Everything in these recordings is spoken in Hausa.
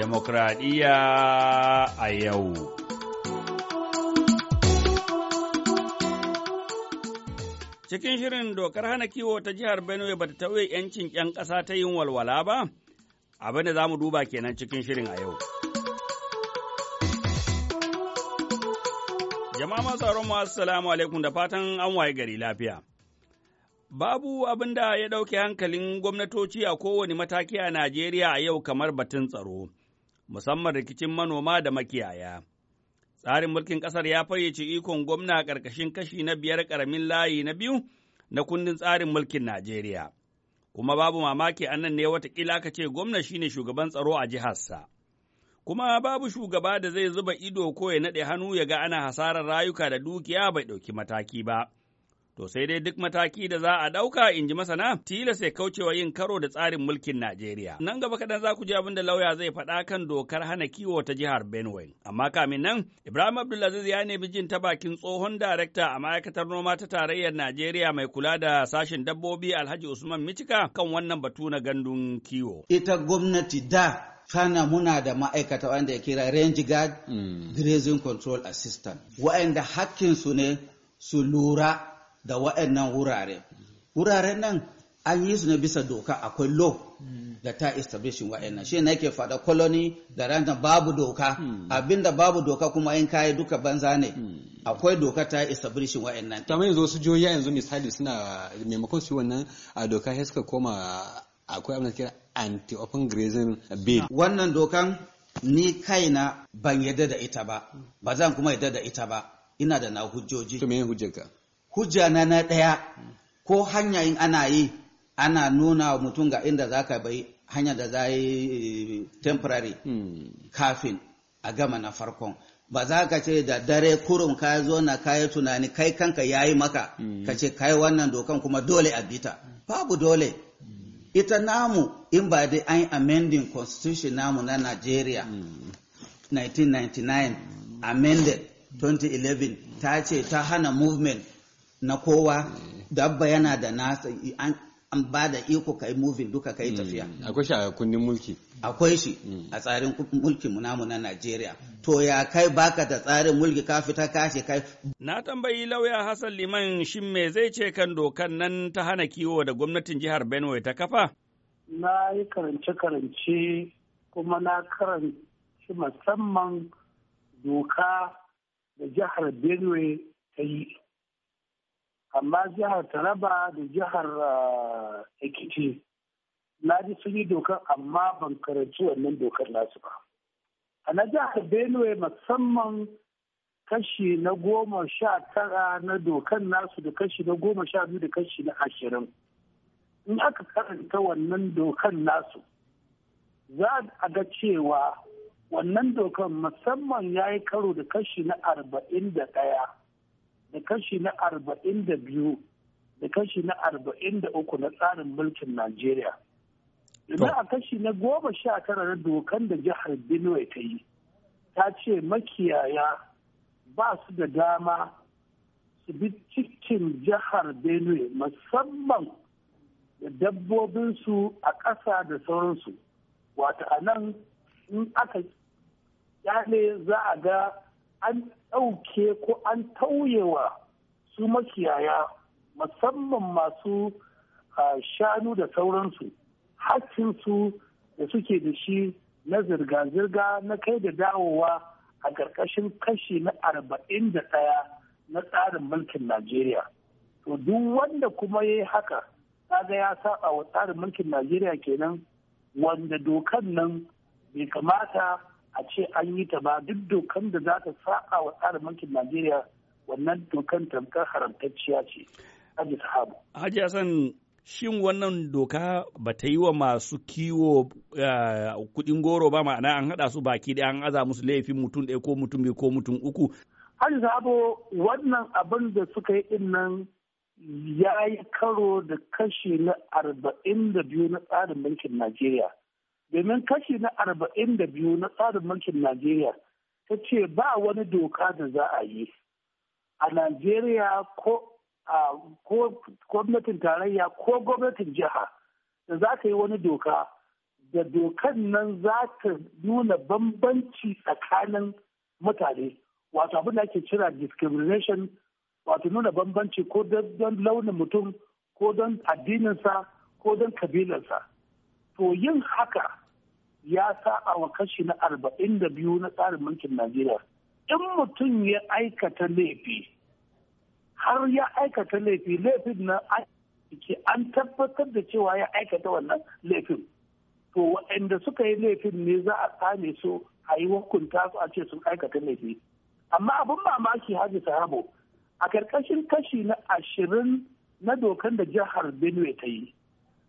Demokradiyya a yau. Cikin shirin dokar hana kiwo ta jihar Benue bata ta tauye 'yancin 'yan ƙasa ta yin walwala ba, abin da za mu duba kenan cikin shirin a yau. Jama'a masu tsaron masu salamu alaikum da fatan an waye gari lafiya. Babu abin da ya ɗauke hankalin gwamnatoci a kowane mataki a Najeriya a yau kamar batun tsaro, musamman rikicin manoma da makiyaya. Tsarin mulkin ƙasar ya fayyace ikon gwamna a ƙarƙashin kashi na biyar ƙaramin layi na biyu na kundin tsarin mulkin Najeriya. Kuma babu mamaki a nan ne watakila aka ce gwamna shine shugaban tsaro a jiharsa. Kuma babu shugaba da zai zuba ido ko ya naɗe hannu ya ga ana hasarar rayuka da dukiya bai ɗauki mataki ba. To sai dai duk mataki da za a ɗauka in ji masana tila sai kaucewa yin karo da tsarin mulkin Najeriya. Nan gaba kaɗan za ku ji abin da lauya zai faɗa kan dokar hana kiwo ta jihar Benue. Amma kamin nan, Ibrahim Abdulaziz ya nemi jin ta bakin tsohon darakta a ma'aikatar noma ta tarayyar Najeriya mai kula da sashen dabbobi Alhaji Usman Micika kan wannan batu na gandun kiwo. Ita gwamnati da kana muna da ma'aikata wanda ya kira range guard mm. grazing control assistant wa'anda hakkinsu ne su lura da waɗannan wurare wuraren nan an yi su ne bisa doka akwai lo da ta establishin waɗannan shi ne ke faɗa koloni da ranta babu doka hmm. abinda babu doka kuma in kayi duka banza ne hmm. akwai doka ta establishin waɗannan ta yanzu wasu jihohi yanzu misali suna maimakon su wannan a doka sai suka koma akwai abin da kira anti-open grazing bill wannan dokan ni kaina ban yadda da ita ba ba zan kuma yadda da ita ba ina da na hujjoji hujja na na ɗaya ko hanya in ana yi ana nuna wa mutum ga inda za ka bai hanya da za yi eh, temporary hmm. kafin a gama na farkon ba za ka ce da dare kurun ka zo na kayi tunani kai kanka ya yi maka hmm. ka ce kai wannan dokan kuma dole a bita babu dole ita namu in ba dai an amending constitution namu na Nigeria 1999 hmm. amended 2011 ta ce ta hana movement na kowa dabba yana da nasa an ba da iko kai movin duka kai tafiya mm. akwai shi a kundin mulki akwai shi mm. a tsarin mulkin namu na Najeriya to ya kai baka da tsarin mulki ka fita kashe kai na tambayi lauya Hassan Liman shin me zai ce kan dokan nan ta hana kiwo da gwamnatin jihar Benue ta kafa na yi karance karance kuma na karanci musamman doka da jihar Benue ta yi amma jihar taraba da jihar eh, ekiti na ji sun yi dokar amma ban karanci wannan dokar nasu ba a na jihar benue musamman kashi na goma sha tara na dokar nasu da kashi na goma sha biyu da kashi na ashirin in aka karanta wannan dokar nasu za a ga cewa wannan dokan musamman ya yi karo da kashi na arba'in da ɗaya da kashi na arba'in da biyu da kashi na arba'in da uku na tsarin mulkin Najeriya. Ina a kashi na goma sha tara na dokan da jihar Benue ta yi, ta ce makiyaya ba su da dama su bi cikin jihar Benue musamman da dabbobinsu a ƙasa da sauransu. Wata a nan in aka kyale za a ga an ɗauke ko an tauyewa su makiyaya musamman masu shanu da sauransu hakkinsu da suke da shi na zirga-zirga na kai da dawowa a ƙarƙashin kashi na arba'in da ɗaya na tsarin mulkin Najeriya. To duk wanda kuma ya yi haka, kaga ya saba wa tsarin mulkin Najeriya kenan wanda dokan nan bai kamata a ce an yi ta ba duk dokan da za ta sa'a wa tsarin mulkin najeriya wannan dokan tamkar haramtacciya ce haji sahabu haji hassan shin wannan doka ba ta yi wa masu kiwo eh, kudin goro ba ma'ana an haɗa su baki da an aza musu laifin mutum ɗaya ko mutum biyu ko mutum uku haji sahabu wannan abin da suka yi ɗin nan ya yi karo da kashi na arba'in da biyu na tsarin mulkin najeriya domin kashi na arba'in da biyu na tsarin mulkin najeriya ta ce ba wani doka da za a yi a najeriya ko gwamnatin tarayya ko gwamnatin jiha da za ka yi wani doka da dokan nan za ta nuna bambanci tsakanin mutane wato abin da ake cira discrimination wato nuna bambanci ko don launin mutum ko don addininsa ko don kabilarsa to yin haka ya saba wa kashi na arba'in da biyu na tsarin mulkin najeriya in mutum ya aikata laifi har ya aikata laifi laifin na an tabbatar da cewa ya aikata wannan laifin to waɗanda suka yi laifin ne za a same su a yi hukunta su a ce sun aikata laifi amma abin mamaki haji sahabo a ƙarƙashin kashi na ashirin na dokan da jihar benue ta yi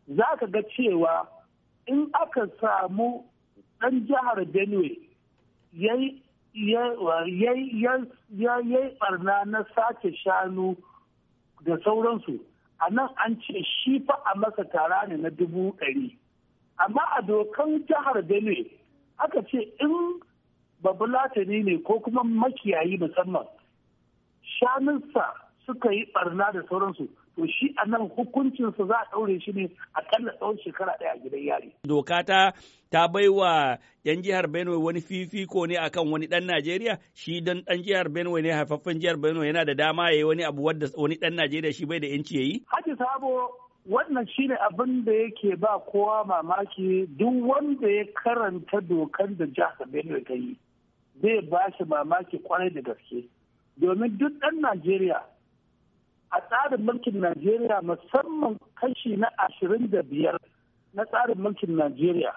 za ka ga cewa in aka samu ɗan jihar benue ya yi barna na sake shanu da sauransu a nan an ce shi fa a masa tara ne na dubu ɗari amma a dokan jihar benue aka ce in babulatani ne ko kuma makiyayi musamman shanunsa suka yi barna da sauransu to shi a nan hukuncinsa za a ɗaure shi ne a talla tsawon shekara ɗaya a gidan yari. Doka ta ta wa yan jihar Benue wani fifiko ne akan wani ɗan Najeriya shi dan ɗan jihar Benue ne haifaffen jihar Benue yana da dama ya yi wani abu wadda wani ɗan Najeriya shi bai da yanci ya yi? Haji Sabo wannan shi ne abin da yake ba kowa mamaki duk wanda ya karanta dokan da jihar Benue ta yi zai ba shi mamaki kwarai da gaske domin duk ɗan Najeriya a tsarin mulkin najeriya musamman kashi na ashirin da biyar na tsarin mulkin najeriya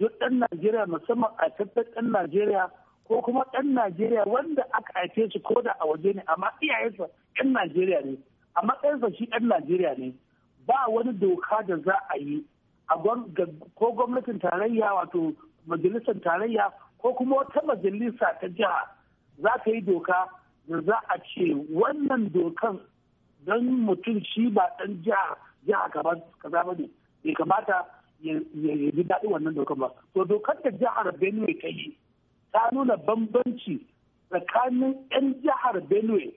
duk ɗan najeriya musamman aikattar ɗan najeriya ko kuma ɗan najeriya wanda aka haife shi ko da a waje ne amma iyayensa ɗan najeriya ne a matsayinsa shi ɗan najeriya ne ba wani doka da za a yi ko gwamnatin tarayya wato majalisar tarayya ko kuma wata majalisa ta jiha za ta yi doka da za a ce wannan dokan don mutum shi ba ɗan jiha jiha kamar kaza ba ne bai kamata ya yi daɗi wannan dokar ba to dokar da jihar benue ta yi ta nuna bambanci tsakanin 'yan jihar benue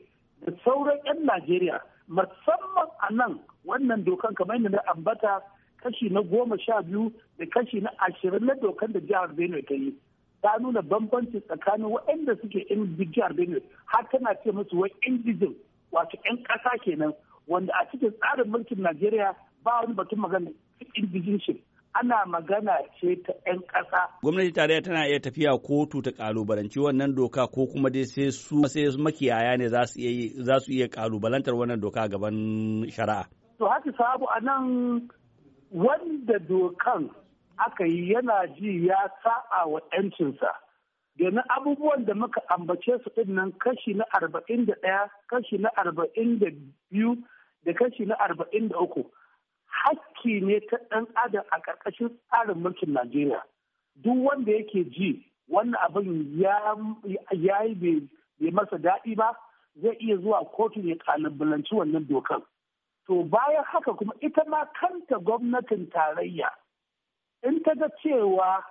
da sauran 'yan najeriya musamman a nan wannan dokan kamar yadda na ambata kashi na goma sha biyu da kashi na ashirin na dokan da jihar benue ta yi ta nuna bambanci tsakanin waɗanda suke yan jihar benue har tana ce musu wai indijin wato 'yan ƙasa kenan wanda a cikin tsarin mulkin Najeriya ba wani batun magana indigenship ana magana ce ta 'yan ƙasa. Gwamnati tarayya tana iya tafiya kotu ta kalubalanci wannan doka ko kuma dai sai su sai makiyaya ne za su iya ƙalubalantar wannan doka gaban shari'a. To haka sabu a nan wanda dokan aka yi yana ji ya sa'a wa 'yancinsa. domin abubuwan da muka ambace su ɗin nan kashi na arba'in da ɗaya kashi na arba'in da biyu da kashi na arba'in da uku hakki ne ta ɗan adam a ƙarƙashin tsarin mulkin najeriya duk wanda yake ji wannan abin ya yi bai masa daɗi ba zai iya zuwa kotu ya ƙalubalanci wannan dokan to bayan haka kuma ita ma kanta gwamnatin tarayya in ta ga cewa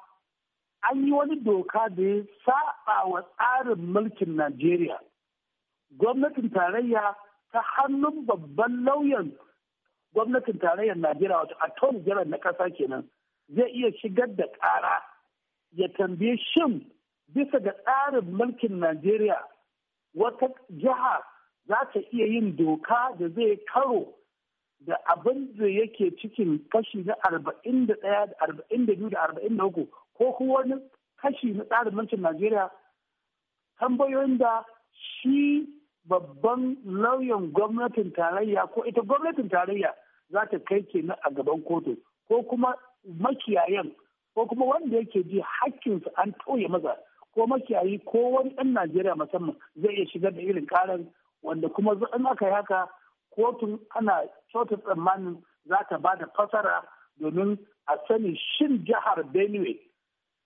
an yi wani doka da ya saba wa tsarin mulkin Najeriya. Gwamnatin tarayya ta hannun babban lauyan gwamnatin tarayyar Najeriya wato attorney general na ƙasa kenan zai iya shigar da ƙara ya tambaye shin bisa ga tsarin mulkin Najeriya wata jiha za ta iya yin doka da zai karo da abin da yake cikin kashi na arba'in da ɗaya da arba'in ko kuma wani kashi na tsarin mulkin Najeriya tambayoyin da shi babban lauyan gwamnatin tarayya ko ita gwamnatin tarayya za ta kai kenan a gaban kotu ko kuma makiyayen ko kuma wanda yake ji su an toye maza ko makiyayi ko wani ɗan Najeriya musamman zai iya shigar da irin karan wanda kuma in aka yi haka kotun ana kyautar tsammanin za ta ba da fasara domin a sani shin jihar Benue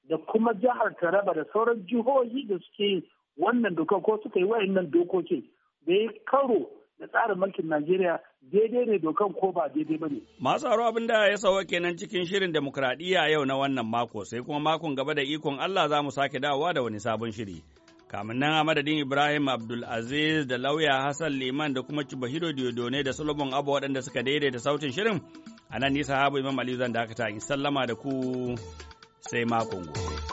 da kuma jihar taraba da sauran jihohi da suke wannan doka ko suka yi wayannan dokokin da ya karo da tsarin mulkin Najeriya daidai ne dokan ko ba daidai ba ne. Masu haro abin da ya sauwa kenan cikin shirin demokradiyya yau na wannan mako sai kuma makon gaba da ikon Allah za mu sake dawowa da wani sabon shiri. Kamin nan a madadin Ibrahim Abdulaziz da lauya Hassan Liman da kuma Cibahiro ne da Solomon Abu waɗanda suka daidaita sautin shirin a nan nisa habu Imam Ali zan dakata in sallama da ku sai makon gobe.